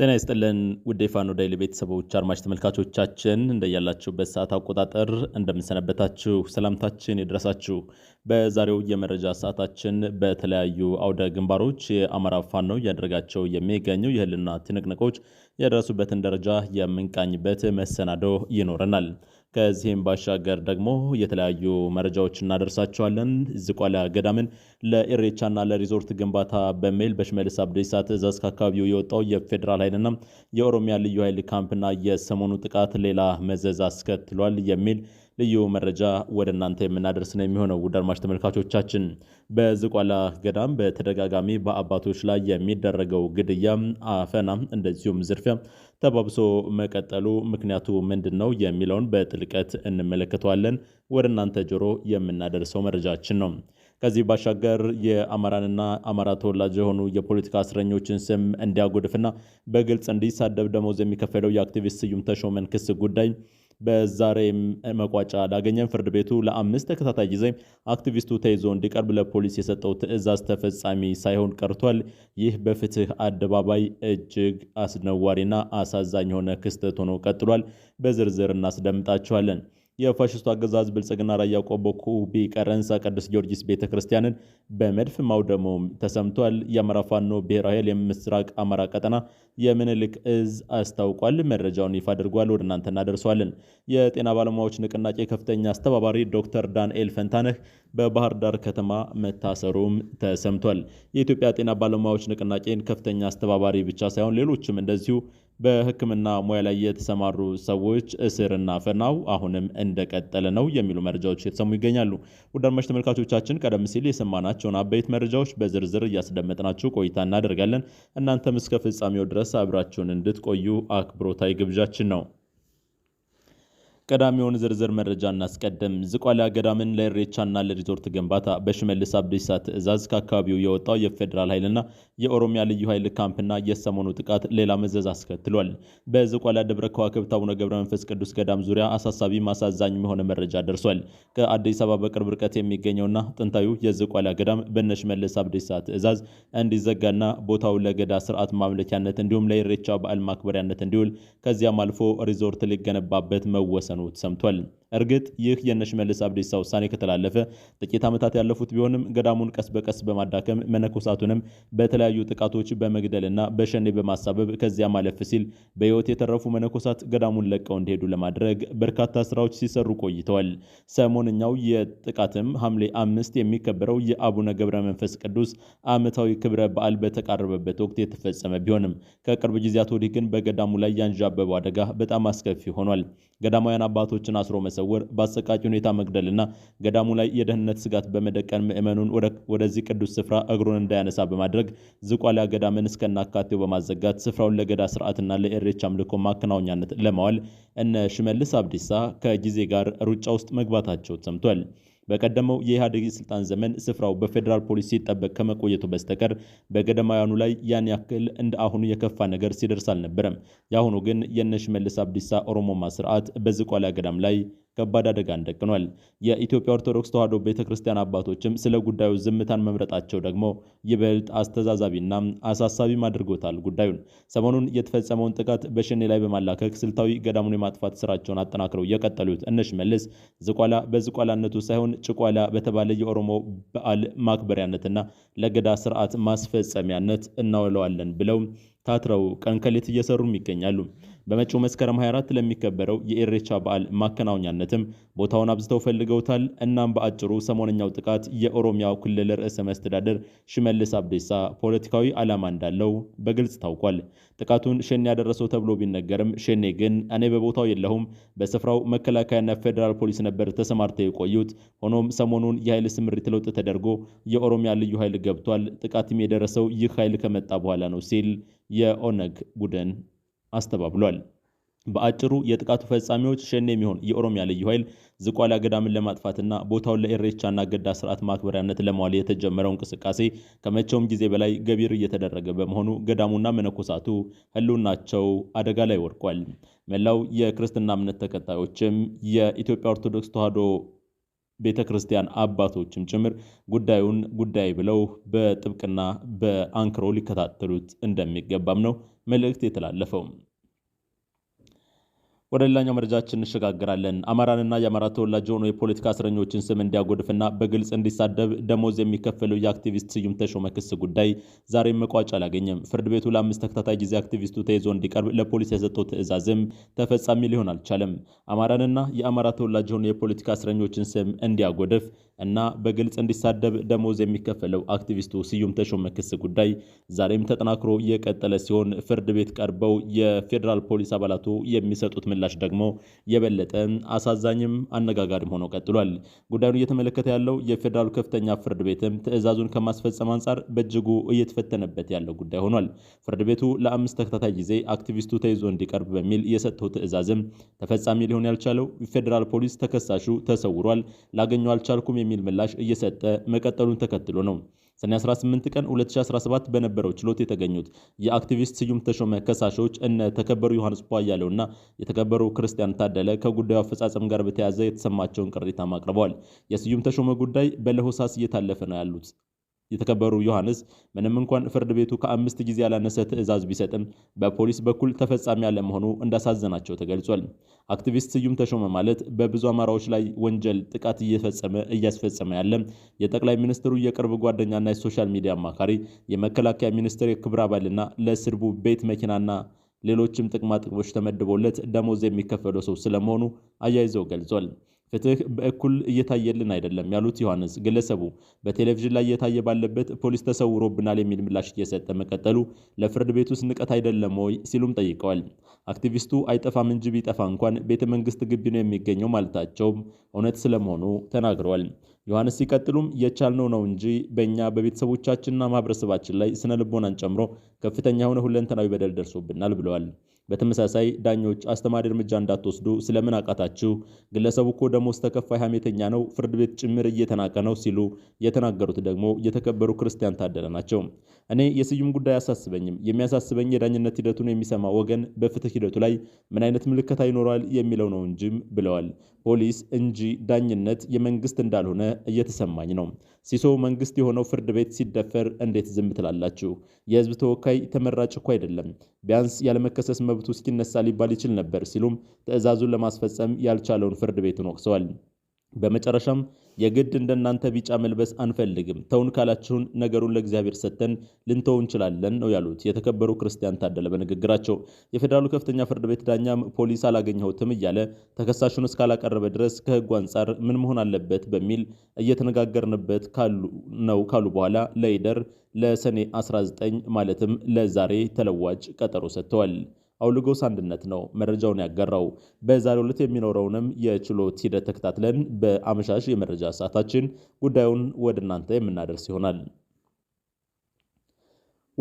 ጤና ይስጥልን ውድ የፋኖ ዳይሊ ቤተሰቦች አድማጭ ተመልካቾቻችን እንደያላችሁበት ሰዓት አቆጣጠር እንደምንሰነበታችሁ ሰላምታችን ይድረሳችሁ። በዛሬው የመረጃ ሰዓታችን በተለያዩ አውደ ግንባሮች የአማራ ፋኖ እያደረጋቸው የሚገኙ የህልና ትንቅንቆች የደረሱበትን ደረጃ የምንቃኝበት መሰናዶ ይኖረናል። ከዚህም ባሻገር ደግሞ የተለያዩ መረጃዎች እናደርሳቸዋለን። ዝቋላ ገዳምን ለኢሬቻና ለሪዞርት ግንባታ በሚል በሽመልስ አብዲሳ ትዕዛዝ ከአካባቢው የወጣው የፌዴራል ኃይልና የኦሮሚያ ልዩ ኃይል ካምፕና የሰሞኑ ጥቃት ሌላ መዘዝ አስከትሏል የሚል ልዩ መረጃ ወደ እናንተ የምናደርስ ነው የሚሆነው። ውድ አድማጭ ተመልካቾቻችን በዝቋላ ገዳም በተደጋጋሚ በአባቶች ላይ የሚደረገው ግድያ፣ አፈና እንደዚሁም ዝርፊያ ተባብሶ መቀጠሉ ምክንያቱ ምንድን ነው የሚለውን በጥልቀት እንመለከተዋለን። ወደ እናንተ ጆሮ የምናደርሰው መረጃችን ነው። ከዚህ ባሻገር የአማራንና አማራ ተወላጅ የሆኑ የፖለቲካ እስረኞችን ስም እንዲያጎድፍና በግልጽ እንዲሳደብ ደሞዝ የሚከፈለው የአክቲቪስት ስዩም ተሾመን ክስ ጉዳይ በዛሬ መቋጫ አላገኘም። ፍርድ ቤቱ ለአምስት ተከታታይ ጊዜ አክቲቪስቱ ተይዞ እንዲቀርብ ለፖሊስ የሰጠው ትዕዛዝ ተፈጻሚ ሳይሆን ቀርቷል። ይህ በፍትህ አደባባይ እጅግ አስነዋሪና አሳዛኝ የሆነ ክስተት ሆኖ ቀጥሏል። በዝርዝር እናስደምጣቸዋለን። የፋሽስቱ አገዛዝ ብልጽግና ራያ ቆቦ ኩቢ ቀረንሳ ቅዱስ ጊዮርጊስ ቤተ ክርስቲያንን በመድፍ ማውደሙም ተሰምቷል። የአማራ ፋኖ ብሔራዊ ኃይል የምስራቅ አማራ ቀጠና የምኒልክ እዝ አስታውቋል። መረጃውን ይፋ አድርጓል። ወደ እናንተ እናደርሰዋለን። የጤና ባለሙያዎች ንቅናቄ ከፍተኛ አስተባባሪ ዶክተር ዳንኤል ፈንታነህ በባህር ዳር ከተማ መታሰሩም ተሰምቷል። የኢትዮጵያ ጤና ባለሙያዎች ንቅናቄን ከፍተኛ አስተባባሪ ብቻ ሳይሆን ሌሎችም እንደዚሁ በሕክምና ሙያ ላይ የተሰማሩ ሰዎች እስርና ፈናው አሁንም እንደቀጠለ ነው የሚሉ መረጃዎች የተሰሙ ይገኛሉ። ውድ አድማጭ ተመልካቾቻችን ቀደም ሲል የሰማናቸውን አበይት መረጃዎች በዝርዝር እያስደመጥናችሁ ቆይታ እናደርጋለን። እናንተም እስከ ፍጻሜው ድረስ አብራችሁን እንድትቆዩ አክብሮታዊ ግብዣችን ነው። ቀዳሚውን ዝርዝር መረጃ እናስቀድም። ዝቋላ ገዳምን ለኢሬቻና ለሪዞርት ግንባታ በሽመልስ አብዲሳ ትዕዛዝ ከአካባቢው የወጣው የፌዴራል ኃይልና የኦሮሚያ ልዩ ኃይል ካምፕና የሰሞኑ ጥቃት ሌላ መዘዝ አስከትሏል። በዝቋላ ደብረ ከዋክብት አቡነ ገብረ መንፈስ ቅዱስ ገዳም ዙሪያ አሳሳቢ ማሳዛኝ የሆነ መረጃ ደርሷል። ከአዲስ አበባ በቅርብ ርቀት የሚገኘውና ጥንታዩ የዝቋላ ገዳም በሽመልስ አብዲሳ ትዕዛዝ እንዲዘጋና ቦታው ለገዳ ስርዓት ማምለኪያነት እንዲሁም ለኢሬቻ በዓል ማክበሪያነት እንዲውል ከዚያም አልፎ ሪዞርት ሊገነባበት መወሰኑ መወሰኑ ሰምቷል። እርግጥ ይህ የነሽመልስ አብዲሳ ውሳኔ ከተላለፈ ጥቂት ዓመታት ያለፉት ቢሆንም ገዳሙን ቀስ በቀስ በማዳከም መነኮሳቱንም በተለያዩ ጥቃቶች በመግደልና በሸኔ በማሳበብ ከዚያ ማለፍ ሲል በሕይወት የተረፉ መነኮሳት ገዳሙን ለቀው እንዲሄዱ ለማድረግ በርካታ ስራዎች ሲሰሩ ቆይተዋል። ሰሞንኛው የጥቃትም ሐምሌ አምስት የሚከበረው የአቡነ ገብረ መንፈስ ቅዱስ ዓመታዊ ክብረ በዓል በተቃረበበት ወቅት የተፈጸመ ቢሆንም ከቅርብ ጊዜያት ወዲህ ግን በገዳሙ ላይ ያንዣበበው አደጋ በጣም አስከፊ ሆኗል። ገዳማውያን አባቶችን አስሮ መሰወር፣ በአሰቃቂ ሁኔታ መግደልና ገዳሙ ላይ የደህንነት ስጋት በመደቀን ምዕመኑን ወደዚህ ቅዱስ ስፍራ እግሩን እንዳያነሳ በማድረግ ዝቋላ ገዳምን እስከናካቴው በማዘጋት ስፍራውን ለገዳ ስርዓትና ለኤሬች አምልኮ ማከናወኛነት ለማዋል እነ ሽመልስ አብዲሳ ከጊዜ ጋር ሩጫ ውስጥ መግባታቸው ሰምቷል። በቀደመው የኢህአዴግ የስልጣን ዘመን ስፍራው በፌዴራል ፖሊስ ሲጠበቅ ከመቆየቱ በስተቀር በገዳማውያኑ ላይ ያን ያክል እንደ አሁኑ የከፋ ነገር ሲደርስ አልነበረም። የአሁኑ ግን የነሽ ሽመልስ አብዲሳ ኦሮሞማ ስርዓት በዝቋላ ገዳም ላይ ከባድ አደጋን ደቅኗል። የኢትዮጵያ ኦርቶዶክስ ተዋሕዶ ቤተ ክርስቲያን አባቶችም ስለ ጉዳዩ ዝምታን መምረጣቸው ደግሞ ይበልጥ አስተዛዛቢና አሳሳቢም አድርጎታል ጉዳዩን። ሰሞኑን የተፈጸመውን ጥቃት በሸኔ ላይ በማላከክ ስልታዊ ገዳሙን የማጥፋት ስራቸውን አጠናክረው የቀጠሉት እነሽ መልስ ዝቋላ በዝቋላነቱ ሳይሆን ጭቋላ በተባለ የኦሮሞ በዓል ማክበሪያነትና ለገዳ ስርዓት ማስፈጸሚያነት እናውለዋለን ብለው ታትረው ቀንከሌት እየሰሩም ይገኛሉ። በመጪው መስከረም 24 ለሚከበረው የኢሬቻ በዓል ማከናወኛነትም ቦታውን አብዝተው ፈልገውታል። እናም በአጭሩ ሰሞነኛው ጥቃት የኦሮሚያው ክልል ርዕሰ መስተዳደር ሽመልስ አብዲሳ ፖለቲካዊ ዓላማ እንዳለው በግልጽ ታውቋል። ጥቃቱን ሸኔ ያደረሰው ተብሎ ቢነገርም ሸኔ ግን እኔ በቦታው የለሁም፣ በስፍራው መከላከያና ፌዴራል ፖሊስ ነበር ተሰማርተው የቆዩት፣ ሆኖም ሰሞኑን የኃይል ስምሪት ለውጥ ተደርጎ የኦሮሚያ ልዩ ኃይል ገብቷል፣ ጥቃትም የደረሰው ይህ ኃይል ከመጣ በኋላ ነው ሲል የኦነግ ቡድን አስተባብሏል። በአጭሩ የጥቃቱ ፈጻሚዎች ሸኔ የሚሆን የኦሮሚያ ልዩ ኃይል ዝቋላ ገዳምን ለማጥፋትና ቦታውን ለኢሬቻና ገዳ ስርዓት ማክበሪያነት ለማዋል የተጀመረው እንቅስቃሴ ከመቼውም ጊዜ በላይ ገቢር እየተደረገ በመሆኑ ገዳሙና መነኮሳቱ ህልውናቸው አደጋ ላይ ወድቋል። መላው የክርስትና እምነት ተከታዮችም የኢትዮጵያ ኦርቶዶክስ ተዋሕዶ ቤተ ክርስቲያን አባቶችም ጭምር ጉዳዩን ጉዳይ ብለው በጥብቅና በአንክሮ ሊከታተሉት እንደሚገባም ነው መልእክት የተላለፈው። ወደ ሌላኛው መረጃችን እንሸጋግራለን። አማራንና የአማራ ተወላጅ የሆኑ የፖለቲካ እስረኞችን ስም እንዲያጎድፍና በግልጽ እንዲሳደብ ደሞዝ የሚከፈለው የአክቲቪስት ስዩም ተሾመ ክስ ጉዳይ ዛሬም መቋጫ አላገኘም። ፍርድ ቤቱ ለአምስት ተከታታይ ጊዜ አክቲቪስቱ ተይዞ እንዲቀርብ ለፖሊስ የሰጠው ትዕዛዝም ተፈጻሚ ሊሆን አልቻለም። አማራንና የአማራ ተወላጅ የሆኑ የፖለቲካ እስረኞችን ስም እንዲያጎድፍ እና በግልጽ እንዲሳደብ ደሞዝ የሚከፈለው አክቲቪስቱ ስዩም ተሾመ ክስ ጉዳይ ዛሬም ተጠናክሮ የቀጠለ ሲሆን ፍርድ ቤት ቀርበው የፌዴራል ፖሊስ አባላቱ የሚሰጡት ምላሽ ደግሞ የበለጠ አሳዛኝም አነጋጋሪም ሆኖ ቀጥሏል። ጉዳዩን እየተመለከተ ያለው የፌዴራሉ ከፍተኛ ፍርድ ቤትም ትዕዛዙን ከማስፈጸም አንጻር በእጅጉ እየተፈተነበት ያለው ጉዳይ ሆኗል። ፍርድ ቤቱ ለአምስት ተከታታይ ጊዜ አክቲቪስቱ ተይዞ እንዲቀርብ በሚል የሰጠው ትዕዛዝም ተፈጻሚ ሊሆን ያልቻለው ፌዴራል ፖሊስ ተከሳሹ ተሰውሯል፣ ላገኘው አልቻልኩም የሚል ምላሽ እየሰጠ መቀጠሉን ተከትሎ ነው። ሰኔ 18 ቀን 2017 በነበረው ችሎት የተገኙት የአክቲቪስት ስዩም ተሾመ ከሳሾች እነ ተከበሩ ዮሐንስ ቧያለውና የተከበሩ ክርስቲያን ታደለ ከጉዳዩ አፈጻጸም ጋር በተያያዘ የተሰማቸውን ቅሬታ አቅርበዋል። የስዩም ተሾመ ጉዳይ በለሆሳስ እየታለፈ ነው ያሉት የተከበሩ ዮሐንስ ምንም እንኳን ፍርድ ቤቱ ከአምስት ጊዜ ያላነሰ ትዕዛዝ ቢሰጥም በፖሊስ በኩል ተፈጻሚ ያለመሆኑ እንዳሳዘናቸው ተገልጿል። አክቲቪስት ስዩም ተሾመ ማለት በብዙ አማራዎች ላይ ወንጀል ጥቃት እየፈጸመ እያስፈጸመ ያለ የጠቅላይ ሚኒስትሩ የቅርብ ጓደኛና የሶሻል ሚዲያ አማካሪ፣ የመከላከያ ሚኒስቴር የክብር አባልና ለስርቡ ቤት መኪናና ሌሎችም ጥቅማ ጥቅሞች ተመድቦለት ደሞዝ የሚከፈለው ሰው ስለመሆኑ አያይዘው ገልጿል። ፍትህ በእኩል እየታየልን አይደለም ያሉት ዮሐንስ ግለሰቡ በቴሌቪዥን ላይ እየታየ ባለበት ፖሊስ ተሰውሮብናል የሚል ምላሽ እየሰጠ መቀጠሉ ለፍርድ ቤቱ ስንቀት ንቀት አይደለም ወይ ሲሉም ጠይቀዋል። አክቲቪስቱ አይጠፋም እንጂ ቢጠፋ እንኳን ቤተ መንግስት ግቢ ነው የሚገኘው ማለታቸውም እውነት ስለመሆኑ ተናግረዋል። ዮሐንስ ሲቀጥሉም የቻልነው ነው እንጂ በእኛ በቤተሰቦቻችንና ማህበረሰባችን ላይ ስነ ልቦናን ጨምሮ ከፍተኛ የሆነ ሁለንተናዊ በደል ደርሶብናል ብለዋል። በተመሳሳይ ዳኞች አስተማሪ እርምጃ እንዳትወስዱ ስለምን አቃታችሁ? ግለሰቡ እኮ ደሞዝ ተከፋይ ሐሜተኛ ነው፣ ፍርድ ቤት ጭምር እየተናቀ ነው ሲሉ የተናገሩት ደግሞ የተከበሩ ክርስቲያን ታደለ ናቸው። እኔ የስዩም ጉዳይ አሳስበኝም። የሚያሳስበኝ የዳኝነት ሂደቱን የሚሰማ ወገን በፍትህ ሂደቱ ላይ ምን አይነት ምልከታ ይኖረዋል የሚለው ነው እንጂም ብለዋል። ፖሊስ እንጂ ዳኝነት የመንግስት እንዳልሆነ እየተሰማኝ ነው። ሲሶ መንግስት የሆነው ፍርድ ቤት ሲደፈር እንዴት ዝም ትላላችሁ? የህዝብ ተወካይ ተመራጭ እኮ አይደለም፣ ቢያንስ ያለመከሰስ መብቱ እስኪነሳ ሊባል ይችል ነበር ሲሉም ትዕዛዙን ለማስፈጸም ያልቻለውን ፍርድ ቤቱን ወቅሰዋል። በመጨረሻም የግድ እንደናንተ ቢጫ መልበስ አንፈልግም። ተውን ካላችሁን ነገሩን ለእግዚአብሔር ሰጥተን ልንተው እንችላለን ነው ያሉት የተከበሩ ክርስቲያን ታደለ በንግግራቸው። የፌዴራሉ ከፍተኛ ፍርድ ቤት ዳኛም ፖሊስ አላገኘሁትም እያለ ተከሳሹን እስካላቀረበ ድረስ ከሕጉ አንጻር ምን መሆን አለበት በሚል እየተነጋገርንበት ነው ካሉ በኋላ ለይደር ለሰኔ 19 ማለትም ለዛሬ ተለዋጭ ቀጠሮ ሰጥተዋል። አውልጎስ አንድነት ነው መረጃውን ያጋራው። በዛሬው ዕለት የሚኖረውንም የችሎት ሂደት ተከታትለን በአመሻሽ የመረጃ ሰዓታችን ጉዳዩን ወደ እናንተ የምናደርስ ይሆናል።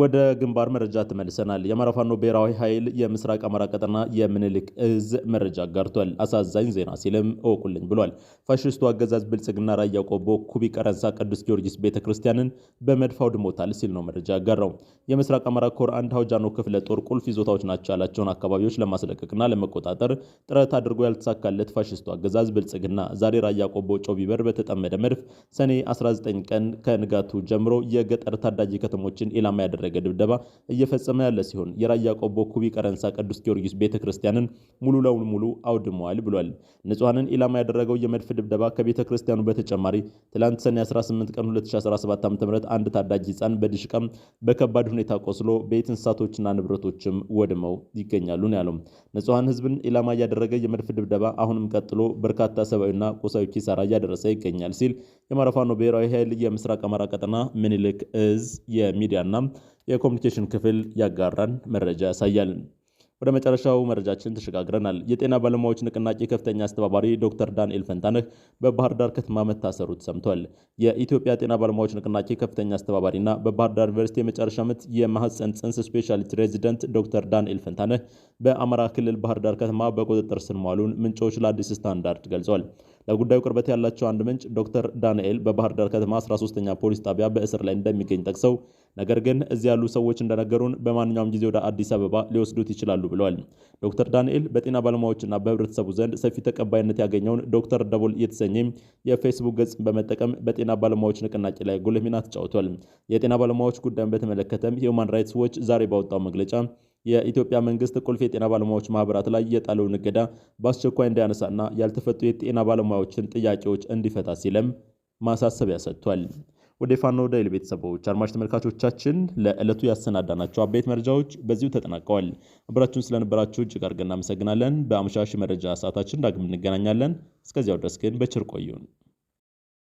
ወደ ግንባር መረጃ ተመልሰናል። የአማራ ፋኖ ብሔራዊ ኃይል የምስራቅ አማራ ቀጠና የምኒልክ እዝ መረጃ አጋርቷል። አሳዛኝ ዜና ሲልም እወቁልኝ ብሏል። ፋሽስቱ አገዛዝ ብልጽግና ራያ ቆቦ ኩቢ ቀረንሳ ቅዱስ ጊዮርጊስ ቤተ ክርስቲያንን በመድፍ አውድሞታል ሲል ነው መረጃ ያጋራው። የምስራቅ አማራ ኮር አንድ ሀውጃኖ ክፍለ ጦር ቁልፍ ይዞታዎች ናቸው ያላቸውን አካባቢዎች ለማስለቀቅና ለመቆጣጠር ጥረት አድርጎ ያልተሳካለት ፋሽስቱ አገዛዝ ብልጽግና ዛሬ ራያ ቆቦ ጮቢበር በተጠመደ መድፍ ሰኔ 19 ቀን ከንጋቱ ጀምሮ የገጠር ታዳጊ ከተሞችን ኢላማ ያደረገ ያልተደረገ ድብደባ እየፈጸመ ያለ ሲሆን የራያ ቆቦ ኩቢ ቀረንሳ ቅዱስ ጊዮርጊስ ቤተ ክርስቲያንን ሙሉ ለሙሉ አውድመዋል ብሏል። ንጹሐንን ኢላማ ያደረገው የመድፍ ድብደባ ከቤተ ክርስቲያኑ በተጨማሪ ትላንት ሰኔ 18 ቀን 2017 ዓ ም አንድ ታዳጅ ህፃን በድሽቃም በከባድ ሁኔታ ቆስሎ ቤት እንስሳቶችና ንብረቶችም ወድመው ይገኛሉ ነው ያለው። ንጹሐን ህዝብን ኢላማ እያደረገ የመድፍ ድብደባ አሁንም ቀጥሎ በርካታ ሰብአዊና ቁሳዊ ኪሳራ እያደረሰ ይገኛል ሲል የአማራ ፋኖ ብሔራዊ ኃይል የምስራቅ አማራ ቀጠና ምኒልክ እዝ የሚዲያና የኮሚኒኬሽን ክፍል ያጋራን መረጃ ያሳያል። ወደ መጨረሻው መረጃችን ተሸጋግረናል። የጤና ባለሙያዎች ንቅናቄ ከፍተኛ አስተባባሪ ዶክተር ዳንኤል ፈንታነህ በባህር ዳር ከተማ መታሰሩ ተሰምቷል። የኢትዮጵያ ጤና ባለሙያዎች ንቅናቄ ከፍተኛ አስተባባሪና በባህር ዳር ዩኒቨርሲቲ የመጨረሻ ዓመት የማህፀን ጽንስ ስፔሻሊቲ ሬዚደንት ዶክተር ዳንኤል ፈንታነህ በአማራ ክልል ባህር ዳር ከተማ በቁጥጥር ስር መዋሉን ምንጮች ለአዲስ ስታንዳርድ ገልጿል። ለጉዳዩ ቅርበት ያላቸው አንድ ምንጭ ዶክተር ዳንኤል በባህር ዳር ከተማ 13ኛ ፖሊስ ጣቢያ በእስር ላይ እንደሚገኝ ጠቅሰው ነገር ግን እዚህ ያሉ ሰዎች እንደነገሩን በማንኛውም ጊዜ ወደ አዲስ አበባ ሊወስዱት ይችላሉ ብለዋል። ዶክተር ዳንኤል በጤና ባለሙያዎችና በህብረተሰቡ ዘንድ ሰፊ ተቀባይነት ያገኘውን ዶክተር ደቦል የተሰኘ የፌስቡክ ገጽ በመጠቀም በጤና ባለሙያዎች ንቅናቄ ላይ ጉልህ ሚና ተጫውቷል። የጤና ባለሙያዎች ጉዳይን በተመለከተም ሂውማን ራይትስ ዎች ዛሬ ባወጣው መግለጫ የኢትዮጵያ መንግስት ቁልፍ የጤና ባለሙያዎች ማህበራት ላይ የጣለውን እገዳ በአስቸኳይ እንዲያነሳና ያልተፈቱ የጤና ባለሙያዎችን ጥያቄዎች እንዲፈታ ሲለም ማሳሰቢያ ሰጥቷል። ወደ ፋኖ ቤተሰቦች አድማጭ ተመልካቾቻችን ለዕለቱ ያሰናዳናቸው አበይት መረጃዎች በዚሁ ተጠናቀዋል። አብራችሁን ስለነበራችሁ እጅግ አድርገን እናመሰግናለን። በአመሻሽ መረጃ ሰዓታችን ዳግም እንገናኛለን። እስከዚያው ድረስ ግን በቸር ቆዩን።